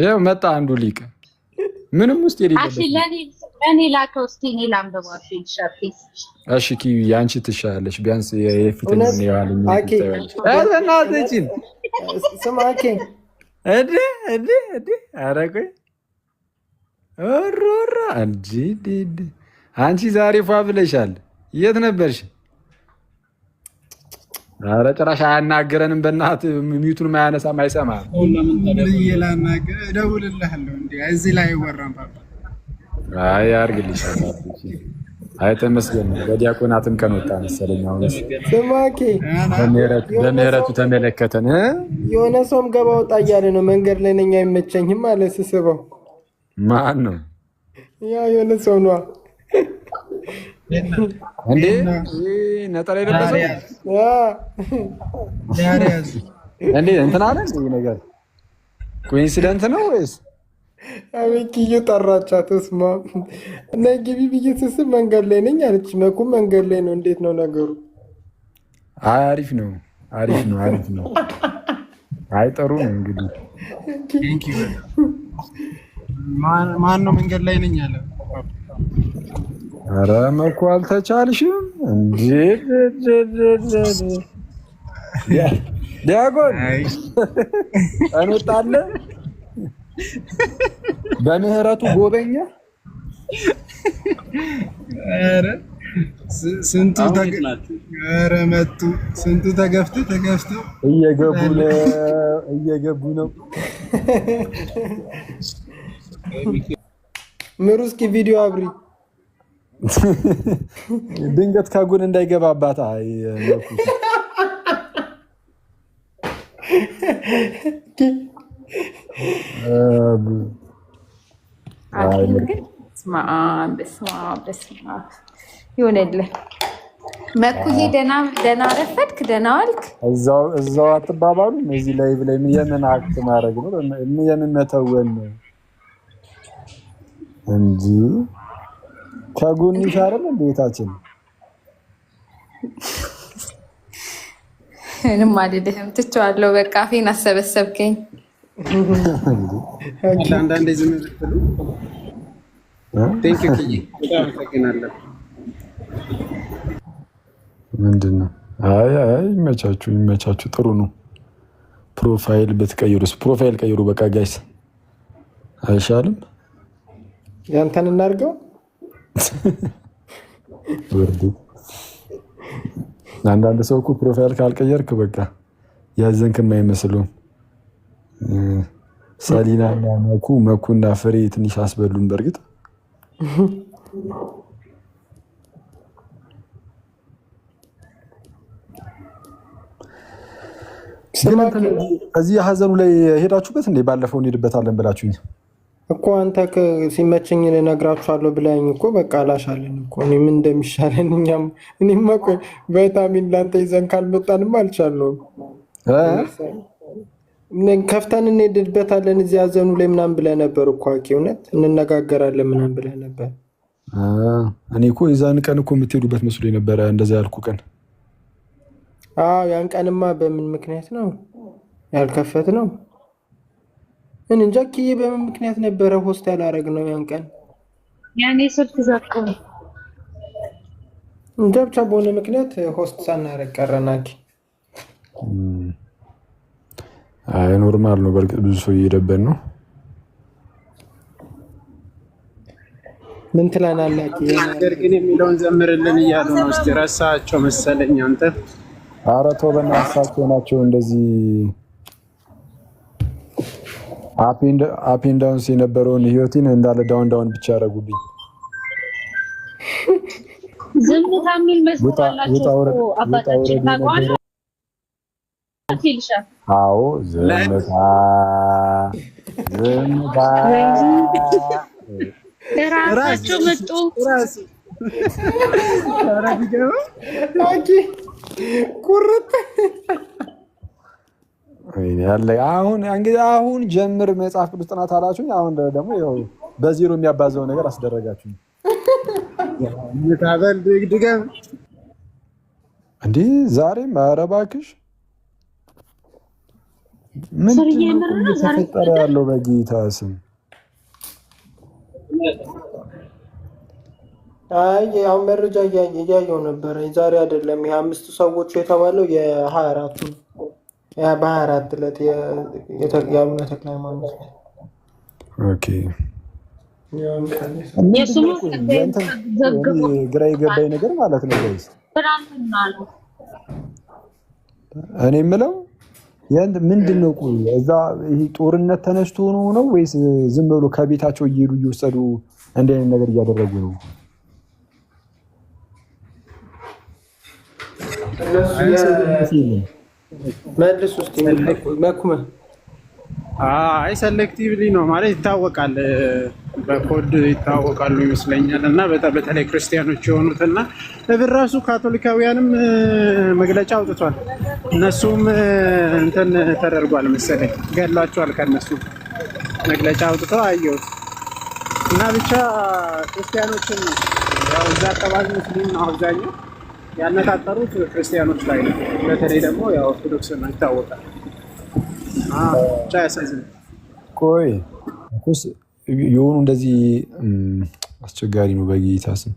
ይኸው መጣ አንዱ ሊቅ ምንም ውስጥ የሌለበት ለእኔ ላከው። እስኪ እኔ እሺ። ኪዊ አንቺ ትሻላለሽ ቢያንስ የፊትን የዋልኝ እናትችን ስማ እድ እድ ኧረ አንቺ ዛሬ ፏ ብለሻል። የት ነበርሽ? ኧረ ጭራሽ አያናግረንም። በእናት ሚቱን ማያነሳ ማይሰማ ላናግር አይ ተመስገን። በዲያቆናትም ቀን ወጣ መሰለኝ። አሁን ስማኬ በምህረቱ ተመለከተን። የሆነ ሰውም ገባ ወጣ እያለ ነው። መንገድ ላይ ነኝ አይመቸኝም አለ ስስበው። ማን ነው ያ? የሆነ ሰው ነዋ እንዴ ነጠላ እንዴ እንትን አለ ነገር ኮኢንሲደንት ነው ወይስ አቤኪዬ ጠራቻት። እና ግቢ ብዬ ስስብ መንገድ ላይ ነኝ አለች። መኩ መንገድ ላይ ነው። እንዴት ነው ነገሩ? አሪፍ ነው፣ አሪፍ ነው፣ አሪፍ ነው። አይጠሩ ነው እንግዲህ። ማን ነው መንገድ ላይ ነኝ አረ መኩ አልተቻልሽም እንዴ! ዲያቆን እንወጣለ። በምህረቱ ጎበኛ። ስንቱ ኧረ መጡ። ስንቱ ተገፍቶ ተገፍቶ እየገቡ ነው። ምሩ እስኪ ቪዲዮ አብሪ ድንገት ከጎን እንዳይገባባት። አይ ይሆነልህ። መኩዬ ረፈድክ፣ ደህና ዋልክ። እዛው እዚህ ላይ ላይ የምን አክት ማድረግ ነው? የምን መተወን እንጂ ከጎንሽ አይደል ቤታችን ምንም አልልህም፣ ትቼዋለሁ። በቃ አፌን አሰበሰብከኝ። አንዳንዴ ዝም ብትሉ ምንድን ነው? አይ አይ ይመቻችሁ፣ ይመቻችሁ። ጥሩ ነው። ፕሮፋይል ብትቀይሩስ? ፕሮፋይል ቀይሩ። በቃ ጋይስ አይሻልም? ያንተን እናድርገው። አንዳንድ ሰው እኮ ፕሮፋይል ካልቀየርክ በቃ ያዘንክ የማይመስሉም። ሰሊና እና መኩ መኩና ፍሬ ትንሽ አስበሉን። በእርግጥ እዚህ ሀዘኑ ላይ ሄዳችሁበት እንዴ? ባለፈው እንሄድበታለን ብላችሁኝ እኮ አንተ ሲመቸኝ እነግራችኋለሁ ብላኝ እኮ በቃ አላሻለን እኮ እኔም እንደሚሻለን እኛም እኔም እኮ ቫይታሚን ላንተ ይዘን ካልመጣንም አልቻለሁም። ከፍተን እንሄድበታለን እዚህ ያዘኑ ላይ ምናምን ብለህ ነበር እኮ አቂ እውነት እንነጋገራለን ምናምን ብለህ ነበር። እኔ እኮ የዛን ቀን እኮ የምትሄዱበት መስሎ ነበረ እንደዛ ያልኩ ቀን። ያን ቀንማ በምን ምክንያት ነው ያልከፈት ነው ምን እንጃ ኪዬ በምን ምክንያት ነበረ ሆስት ያላረግ ነው ያን ቀን? ያኔ ስልክ ዘቁ እንጃ ብቻ በሆነ ምክንያት ሆስት ሳናረግ ቀረናኪ። አይ ኖርማል ነው። በእርግጥ ብዙ ሰው እየሄደበት ነው። ምን ትላናላችሁ? ነገር ግን የሚለውን ዘምርልን እያሉ ነው። እስኪ ረሳቸው መሰለኝ አንተ። ኧረ ተው በእናትህ ናቸው እንደዚህ አፔን ዳውንስ የነበረውን ህይወቴን እንዳለ ዳውን ዳውን ብቻ ያደረጉብኝ። ዝምታ የሚል አላቸው አባታችን ዝምታ ዝምታ ራሳቸው መጡ ቁርጥ አሁን እንግዲህ አሁን ጀምር መጽሐፍ ቅዱስ ጥናት አላችሁኝ። አሁን ደግሞ በዜሮ የሚያባዘው ነገር አስደረጋችሁ። ታበል ድገም እንዲህ ዛሬም ኧረ እባክሽ ያለው? በጌታ ስም አይ አሁን መረጃ እያየው ነበረ። ዛሬ አይደለም የአምስቱ አምስቱ ሰዎቹ የተባለው የሀያ አራቱ ነው። በሀያ አራት ዕለት የአቡነ ተክለ ሃይማኖት ግራ የገባኝ ነገር ማለት ነው። እኔ የምለው ምንድን ነው እዛ ይሄ ጦርነት ተነስቶ ሆኖ ነው ወይስ ዝም ብሎ ከቤታቸው እየሄዱ እየወሰዱ እንዲህ አይነት ነገር እያደረጉ ነው? እነሱ መልስ ውስጥ መኩመ አይ ሰሌክቲቭሊ ነው ማለት ይታወቃል፣ በኮድ ይታወቃሉ ይመስለኛል። እና በተለይ ክርስቲያኖች የሆኑት እና እብራሱ ካቶሊካውያንም መግለጫ አውጥቷል። እነሱም እንትን ተደርጓል መሰለኝ ገሏቸዋል። ከነሱ መግለጫ አውጥተው አየሁት እና ብቻ ክርስቲያኖችን ያው እዛ አካባቢ ሙስሊም ነው አብዛኛው ያነጣጠሩት ክርስቲያኖች ላይ ነው። በተለይ ደግሞ ኦርቶዶክስ ነው ይታወቃል። ብቻ ያሳዝናል። ቆይ የሆኑ እንደዚህ አስቸጋሪ ነው። በጌታ ስም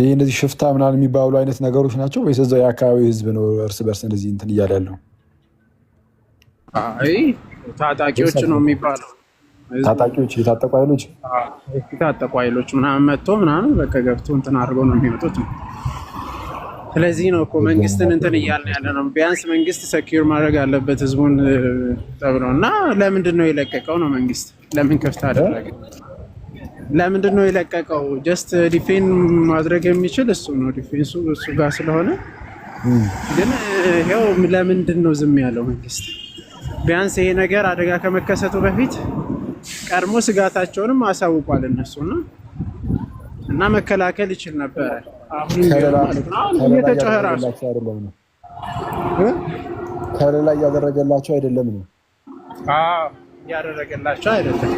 ይህ እንደዚህ ሽፍታ ምናምን የሚባሉ አይነት ነገሮች ናቸው ወይስ እዛው የአካባቢ ህዝብ ነው እርስ በርስ እንደዚህ እንትን እያለ ያለው ታጣቂዎች ነው የሚባለው ታጣቂዎች የታጠቁ ኃይሎች የታጠቁ ኃይሎች ምናምን መጥቶ ምናምን በቃ ገብቶ እንትን አድርገው ነው የሚመጡት። ስለዚህ ነው እኮ መንግስትን እንትን እያልን ያለ ነው። ቢያንስ መንግስት ሰኪር ማድረግ አለበት ህዝቡን ተብሎ እና ለምንድን ነው የለቀቀው ነው መንግስት ለምን ክፍት አደረገ? ለምንድን ነው የለቀቀው? ጀስት ዲፌን ማድረግ የሚችል እሱ ነው። ዲፌንሱ እሱ ጋር ስለሆነ ግን ይኸው ለምንድን ነው ዝም ያለው መንግስት? ቢያንስ ይሄ ነገር አደጋ ከመከሰቱ በፊት ቀድሞ ስጋታቸውንም አሳውቋል እነሱና እና መከላከል ይችል ነበረ። አሁን እየተጨኸ ራሱ ከሌላ እያደረገላቸው አይደለም ነው እያደረገላቸው አይደለም።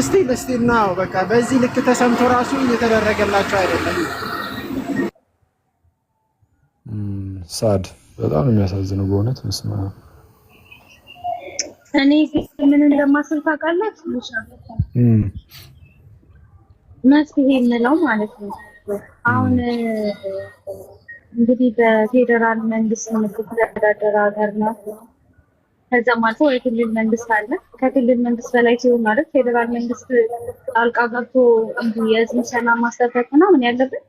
እስቲ እስቲል ነው በቃ በዚህ ልክ ተሰምቶ ራሱ እየተደረገላቸው አይደለም። ሳድ በጣም የሚያሳዝነው በእውነት መስማ እኔ ምን እንደማስብ ታውቃለች። መፍትሄ የምለው ማለት ነው አሁን እንግዲህ በፌዴራል መንግስት የምትተዳደር ሀገር ነው። ከዛም አልፎ የክልል መንግስት አለ። ከክልል መንግስት በላይ ሲሆን ማለት ፌዴራል መንግስት ጣልቃ ገብቶ የህዝብ ሰላም ማስጠበቅ ነው ምን ያለብን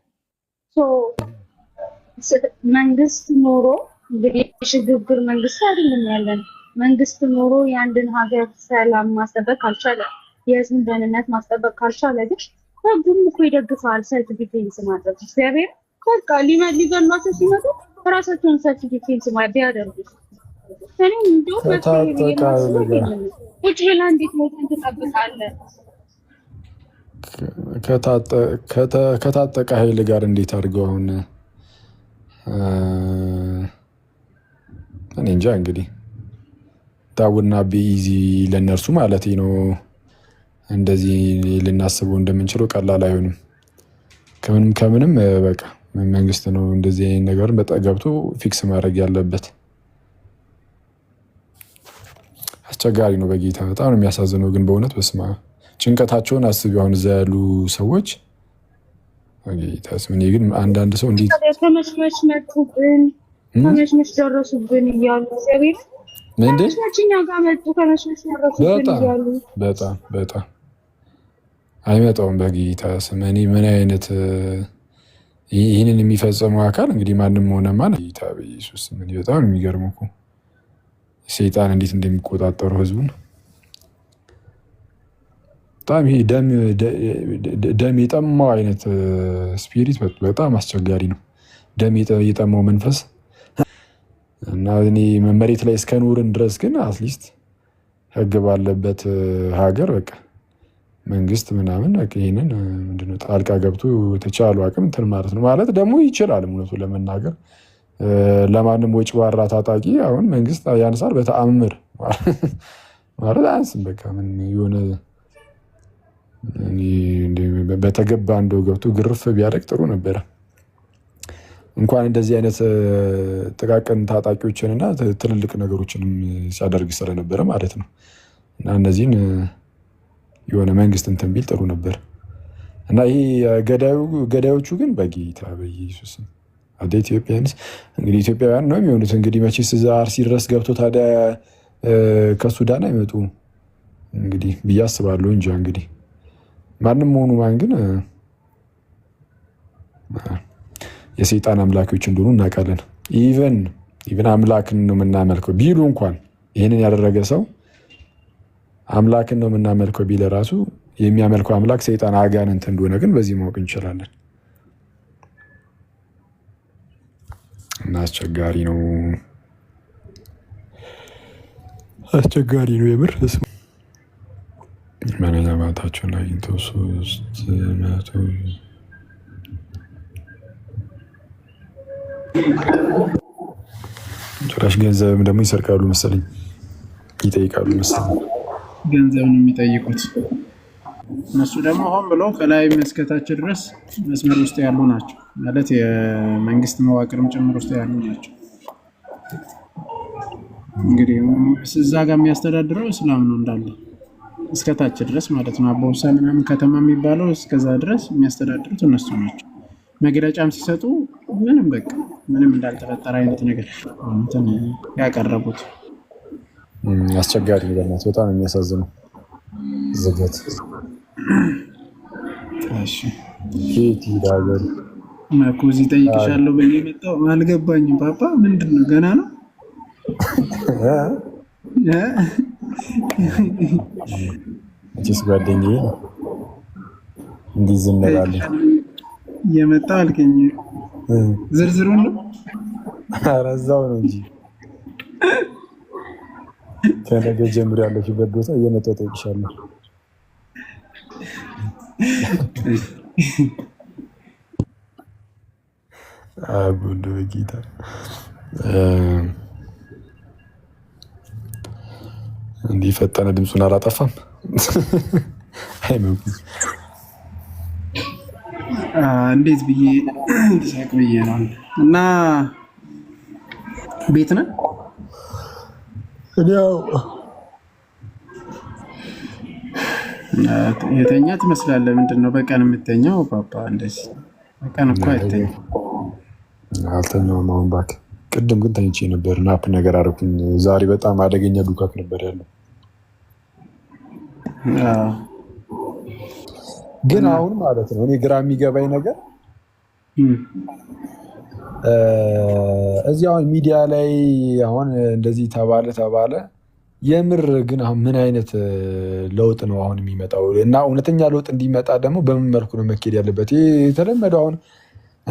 መንግስት ኖሮ እንግዲህ ሽግግር መንግስት አይደለም ያለን መንግስት ኖሮ የአንድን ሀገር ሰላም ማስጠበቅ ካልቻለ፣ የህዝብን ደህንነት ማስጠበቅ ካልቻለ ግን ህጉም እኮ ይደግፈዋል። ሰልፍ ዲፌንስ ማድረግ እግዚአብሔር በቃ ማሰብ ሲመጡ ራሳቸውን ሰልፍ ዲፌንስ ቢያደርጉ እኔም እንዲሁም ቁጭ ብላ እንዴት ሞትን ትጠብቃለህ? ከታጠቀ ኃይል ጋር እንዴት አድርገው አሁን እኔ እንጃ እንግዲህ ቡና ቢኢዚ ለነርሱ ማለት ነው። እንደዚህ ልናስበው እንደምንችለው ቀላል አይሆንም። ከምንም ከምንም በቃ መንግስት ነው እንደዚህ ነገር ነገርን በጣም ገብቶ ፊክስ ማድረግ ያለበት። አስቸጋሪ ነው በጌታ በጣም ነው የሚያሳዝነው። ግን በእውነት በስማ ጭንቀታቸውን አስቢ። አሁን እዛ ያሉ ሰዎች ጌታስምን ግን አንዳንድ ሰው እንዴት ተመሽመሽ መጡብን፣ ተመሽመሽ ደረሱብን እያሉ በጣም በጣም አይመጣውም። በጌታ ስም እኔ ምን አይነት ይህንን የሚፈጸመው አካል እንግዲህ ማንም ሆነ ማን ጌታ በኢየሱስ በጣም የሚገርመው እኮ ሰይጣን እንዴት እንደሚቆጣጠሩ ህዝቡን በጣም ይሄ ደም የጠማው አይነት ስፒሪት በጣም አስቸጋሪ ነው። ደም የጠማው መንፈስ እና እኔ መሬት ላይ እስከ ኑርን ድረስ ግን አትሊስት ህግ ባለበት uh, ሀገር በቃ መንግስት ምናምን ይህንን uh, ምንድነው ጣልቃ ገብቶ የተቻሉ አቅም እንትን ማለት ነው። ማለት ደግሞ ይችላል እውነቱ ለመናገር uh, ለማንም ወጭ ባራ ታጣቂ አሁን መንግስት ያንሳል በተአምር ማለት አያንስም። በቃ ምን የሆነ በተገባ እንደው ገብቶ ግርፍ ቢያደርግ ጥሩ ነበረ። እንኳን እንደዚህ አይነት ጥቃቅን ታጣቂዎችን እና ትልልቅ ነገሮችንም ሲያደርግ ስለነበረ ማለት ነው። እና እነዚህን የሆነ መንግስት እንትን ቢል ጥሩ ነበር። እና ይሄ ገዳዮቹ ግን በጌታ በኢየሱስ አደ ኢትዮጵያንስ እንግዲህ ኢትዮጵያውያን ነው የሚሆኑት። እንግዲህ መቼስ እዛ አርሲ ድረስ ገብቶ ታዲያ ከሱዳን አይመጡ እንግዲህ ብዬ አስባለሁ። እንጃ እንግዲህ ማንም መሆኑ ማን ግን የሰይጣን አምላኪዎች እንደሆኑ እናውቃለን። ኢቨን ኢቨን አምላክን ነው የምናመልከው ቢሉ እንኳን ይህንን ያደረገ ሰው አምላክን ነው የምናመልከው ቢለ ራሱ የሚያመልከው አምላክ ሰይጣን አጋንንት እንደሆነ ግን በዚህ ማወቅ እንችላለን። እና አስቸጋሪ ነው አስቸጋሪ ነው የምር መለዘባታቸውን አግኝተው ሶስት መቶ ጭራሽ ገንዘብም ደግሞ ይሰርቃሉ መሰለኝ፣ ይጠይቃሉ መሰለኝ። ገንዘብ ነው የሚጠይቁት። እነሱ ደግሞ ሆን ብሎ ከላይ እስከታች ድረስ መስመር ውስጥ ያሉ ናቸው ማለት የመንግስት መዋቅርም ጭምር ውስጥ ያሉ ናቸው። እንግዲህ እዛ ጋር የሚያስተዳድረው እስላም ነው እንዳለ እስከታች ድረስ ማለት ነው። አቦሳን ከተማ የሚባለው እስከዛ ድረስ የሚያስተዳድሩት እነሱ ናቸው። መግለጫም ሲሰጡ ምንም በቃ ምንም እንዳልተፈጠረ አይነት ነገር ያቀረቡት አስቸጋሪ ነገር ናት። በጣም የሚያሳዝነው ዝገት ዚ ጠይቅሻለሁ በ የመጣው አልገባኝም። ፓፓ ምንድን ነው ገና ነው ስ ጓደኛዬ እንዲህ ዝም እንላለን የመጣ አልከኝ። ዝርዝሩን ነው አረዛው ነው እንጂ ከነገ ጀምሮ ያለሽበት ቦታ እየመጣሁ እጠይቅሻለሁ። አጉዶ በጌታ እንዲህ ፈጠነ ድምፁን አላጠፋም። አይ እንዴት ብዬ ትሳቅ ብዬ ነው። እና ቤት ነህ የተኛ ትመስላለህ። ምንድን ነው በቀን የምተኛው? ፓፓ እንደዚህ በቀን እኮ አይተኛም። አልተኛውም። አሁን እባክህ ቅድም ግን ተኝቼ ነበር። ናፕ ነገር አደረኩኝ። ዛሬ በጣም አደገኛ ዱካክ ነበር ያለው ግን አሁን ማለት ነው እኔ ግራ የሚገባኝ ነገር እዚህ አሁን ሚዲያ ላይ አሁን እንደዚህ ተባለ ተባለ፣ የምር ግን አሁን ምን አይነት ለውጥ ነው አሁን የሚመጣው? እና እውነተኛ ለውጥ እንዲመጣ ደግሞ በምን መልኩ ነው መኬድ ያለበት? የተለመደው አሁን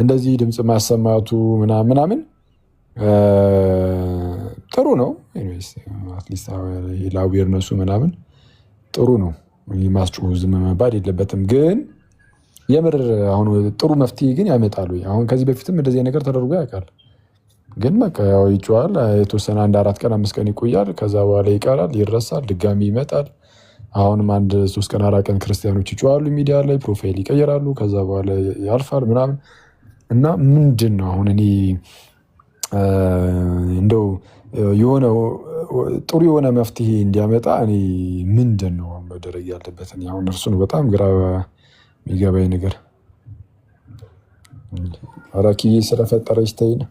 እንደዚህ ድምፅ ማሰማቱ ምናምን ጥሩ ነው፣ ለአዌርነሱ ምናምን ጥሩ ነው። ማስጮህ ዝም መባል የለበትም። ግን የምር አሁን ጥሩ መፍትሄ ግን ያመጣሉ። አሁን ከዚህ በፊትም እንደዚህ ነገር ተደርጎ ያውቃል። ግን በቃ ያው የተወሰነ አንድ አራት ቀን አምስት ቀን ይቆያል። ከዛ በኋላ ይቀራል፣ ይረሳል፣ ድጋሚ ይመጣል። አሁንም አንድ ሶስት ቀን አራት ቀን ክርስቲያኖች ይጮዋሉ ሚዲያ ላይ ፕሮፋይል ይቀይራሉ። ከዛ በኋላ ያልፋል ምናምን እና ምንድን ነው አሁን እኔ እንደው የሆነ ጥሩ የሆነ መፍትሄ እንዲያመጣ እኔ ምንድን ነው መደረግ ያለበት? አሁን እርሱን በጣም ግራ የሚገባኝ ነገር አራኪዬ ስለፈጠረች ተይን።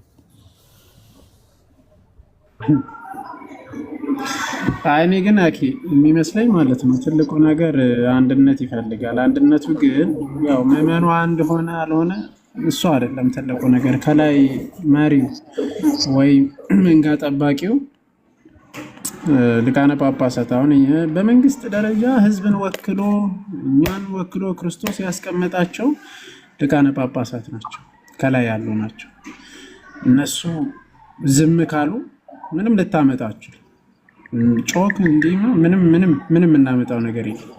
እኔ ግን አኪ የሚመስለኝ ማለት ነው ትልቁ ነገር አንድነት ይፈልጋል። አንድነቱ ግን ያው ምዕመኑ አንድ ሆነ አልሆነ እሱ አይደለም ትልቁ ነገር ከላይ መሪው ወይ መንጋ ጠባቂው ልቃነ ጳጳሳት አሁን በመንግስት ደረጃ ህዝብን ወክሎ እኛን ወክሎ ክርስቶስ ያስቀመጣቸው ልቃነ ጳጳሳት ናቸው፣ ከላይ ያሉ ናቸው። እነሱ ዝም ካሉ ምንም ልታመጣችሁ ጮክ እንዲ ምንም ምንም ምንም እናመጣው ነገር የለም።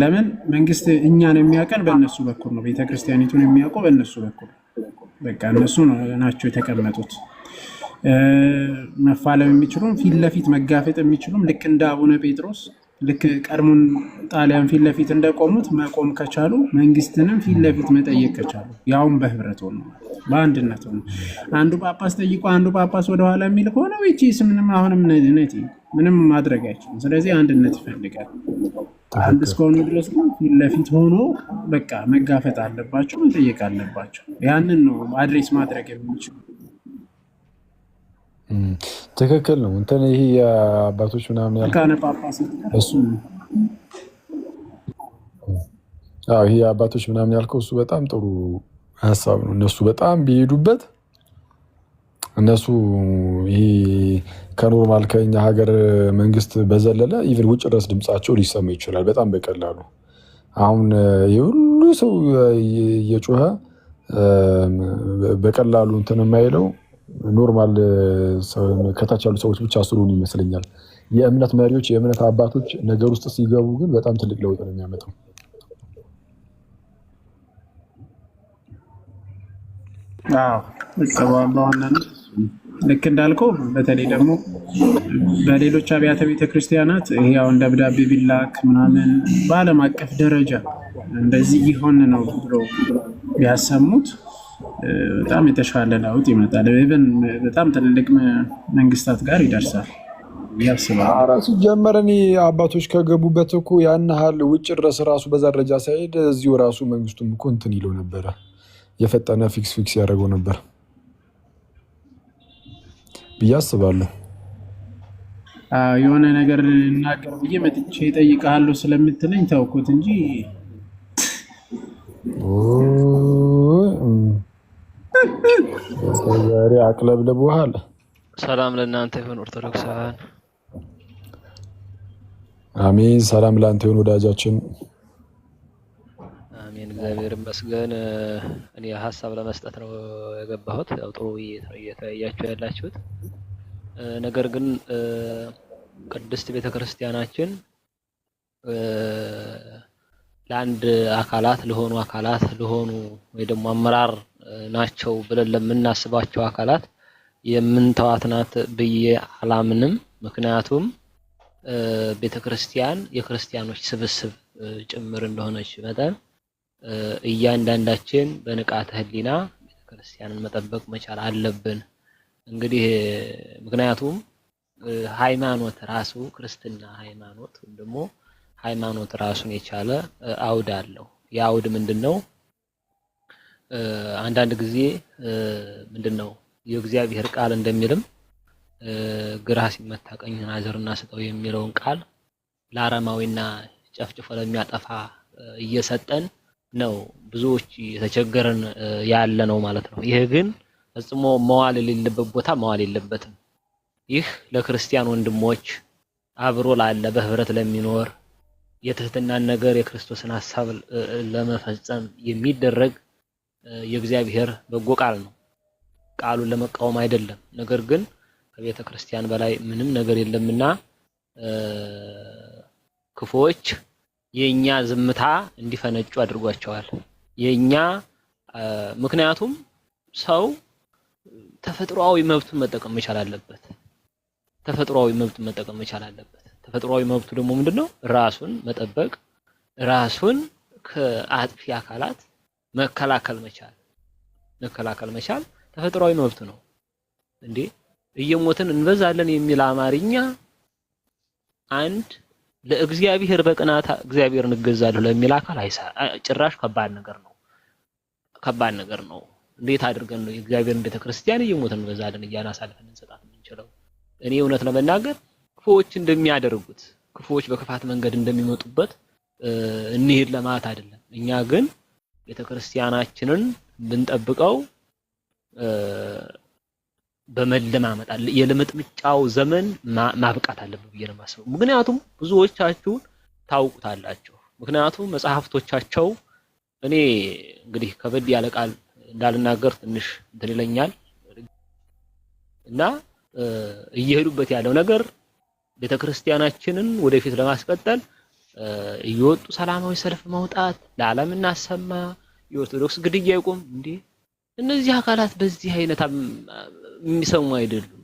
ለምን መንግስት እኛን የሚያውቀን በእነሱ በኩል ነው። ቤተክርስቲያኒቱን የሚያውቁ በእነሱ በኩል በቃ እነሱ ናቸው የተቀመጡት። መፋለም የሚችሉም ፊት ለፊት መጋፈጥ የሚችሉም ልክ እንደ አቡነ ጴጥሮስ ልክ ቀድሞን ጣሊያን ፊት ለፊት እንደቆሙት መቆም ከቻሉ መንግስትንም ፊት ለፊት መጠየቅ ከቻሉ ያውም በህብረት ሆነ በአንድነት ሆነ አንዱ ጳጳስ ጠይቆ አንዱ ጳጳስ ወደኋላ የሚል ከሆነ ቺስ ምንም አሁንም ነት ምንም ማድረግ አይችልም። ስለዚህ አንድነት ይፈልጋል። አንድ እስከሆኑ ድረስ ግን ፊት ለፊት ሆኖ በቃ መጋፈጥ አለባቸው፣ መጠየቅ አለባቸው። ያንን ነው አድሬስ ማድረግ የሚችሉ ትክክል ነው። እንትን ይህ የአባቶች ምናምን ይሄ የአባቶች ምናምን ያልከው እሱ በጣም ጥሩ ሀሳብ ነው። እነሱ በጣም ቢሄዱበት እነሱ ይሄ ከኖርማል ከኛ ሀገር መንግስት በዘለለ ኢቨን ውጭ ድረስ ድምፃቸው ሊሰማ ይችላል በጣም በቀላሉ። አሁን የሁሉ ሰው እየጮኸ በቀላሉ እንትን የማይለው ኖርማል ከታች ያሉ ሰዎች ብቻ ስለሆኑ ይመስለኛል። የእምነት መሪዎች፣ የእምነት አባቶች ነገር ውስጥ ሲገቡ ግን በጣም ትልቅ ለውጥ ነው የሚያመጣው። ልክ እንዳልከው በተለይ ደግሞ በሌሎች አብያተ ቤተክርስቲያናት ክርስቲያናት ይሄ አሁን ደብዳቤ ቢላክ ምናምን በዓለም አቀፍ ደረጃ እንደዚህ ይሆን ነው ብሎ ቢያሰሙት በጣም የተሻለ ለውጥ ይመጣል። ብን በጣም ትልልቅ መንግስታት ጋር ይደርሳል ያስባል። ሲጀመር እኔ አባቶች ከገቡበት እኮ ያን ያህል ውጭ ድረስ ራሱ በዛ ደረጃ ሳይሄድ እዚሁ ራሱ መንግስቱም እኮ እንትን ይለው ነበረ፣ የፈጠነ ፊክስ ፊክስ ያደረገው ነበር ብዬ አስባለሁ። የሆነ ነገር እናገር ብዬ መጥቼ ይጠይቃሉ ስለምትለኝ ተውኩት እንጂ ዛሬ አቅለብልቦሃል። ሰላም ለእናንተ ይሁን ኦርቶዶክሳውያን። አሜን። ሰላም ለአንተ ይሁን ወዳጃችን። አሜን። እግዚአብሔር ይመስገን። እኔ ሀሳብ ለመስጠት ነው የገባሁት። ያው ጥሩ ውይይት ነው እየተወያያችሁ ያላችሁት። ነገር ግን ቅድስት ቤተክርስቲያናችን ለአንድ አካላት ለሆኑ አካላት ለሆኑ ወይ ደግሞ አመራር ናቸው ብለን ለምናስባቸው አካላት የምንተዋት ናት ብዬ አላምንም። ምክንያቱም ቤተ ክርስቲያን የክርስቲያኖች ስብስብ ጭምር እንደሆነች መጠን እያንዳንዳችን በንቃተ ሕሊና ቤተ ክርስቲያንን መጠበቅ መቻል አለብን። እንግዲህ ምክንያቱም ሃይማኖት ራሱ ክርስትና ሃይማኖት ወይም ደግሞ ሃይማኖት ራሱን የቻለ አውድ አለው። የአውድ ምንድን ነው? አንዳንድ ጊዜ ምንድን ነው የእግዚአብሔር ቃል እንደሚልም ግራ ሲመታ ቀኝህን አዙርና ስጠው የሚለውን ቃል ለአረማዊና ጨፍጭፎ ለሚያጠፋ እየሰጠን ነው ብዙዎች የተቸገረን ያለ ነው ማለት ነው። ይህ ግን ፈጽሞ መዋል የሌለበት ቦታ መዋል የለበትም። ይህ ለክርስቲያን ወንድሞች አብሮ ላለ በህብረት ለሚኖር የትህትናን ነገር የክርስቶስን ሀሳብ ለመፈጸም የሚደረግ የእግዚአብሔር በጎ ቃል ነው። ቃሉን ለመቃወም አይደለም። ነገር ግን ከቤተ ክርስቲያን በላይ ምንም ነገር የለምና ክፎች የእኛ ዝምታ እንዲፈነጩ አድርጓቸዋል። የእኛ ምክንያቱም ሰው ተፈጥሯዊ መብቱን መጠቀም መቻል አለበት። ተፈጥሯዊ መብቱን መጠቀም መቻል አለበት። ተፈጥሯዊ መብቱ ደግሞ ምንድነው? ራሱን መጠበቅ፣ ራሱን ከአጥፊ አካላት መከላከል መቻል መከላከል መቻል ተፈጥሯዊ መብት ነው እንዴ! እየሞትን እንበዛለን የሚል አማርኛ አንድ ለእግዚአብሔር በቅናታ እግዚአብሔር እንገዛለሁ ለሚል አካል ጭራሽ ከባድ ነገር ነው። ከባድ ነገር ነው። እንዴት አድርገን ነው የእግዚአብሔርን ቤተክርስቲያን እየሞትን እንበዛለን እያልን አሳልፈን እንሰጣት የምንችለው? እኔ እውነት ለመናገር ክፉዎች እንደሚያደርጉት ክፉዎች በክፋት መንገድ እንደሚመጡበት እንሄድ ለማለት አይደለም። እኛ ግን ቤተክርስቲያናችንን ብንጠብቀው በመለማመጥ አለ የልምጥምጫው ዘመን ማብቃት አለብን ብዬ ነው የማስበው። ምክንያቱም ብዙዎቻችሁን ታውቁታላችሁ። ምክንያቱም መጽሐፍቶቻቸው እኔ እንግዲህ ከበድ ያለ ቃል እንዳልናገር ትንሽ እንትን ይለኛል እና እየሄዱበት ያለው ነገር ቤተክርስቲያናችንን ወደፊት ለማስቀጠል እየወጡ ሰላማዊ ሰልፍ መውጣት ለዓለም እናሰማ፣ የኦርቶዶክስ ግድያ ይቁም። እንዴ እነዚህ አካላት በዚህ አይነት የሚሰሙ አይደሉም።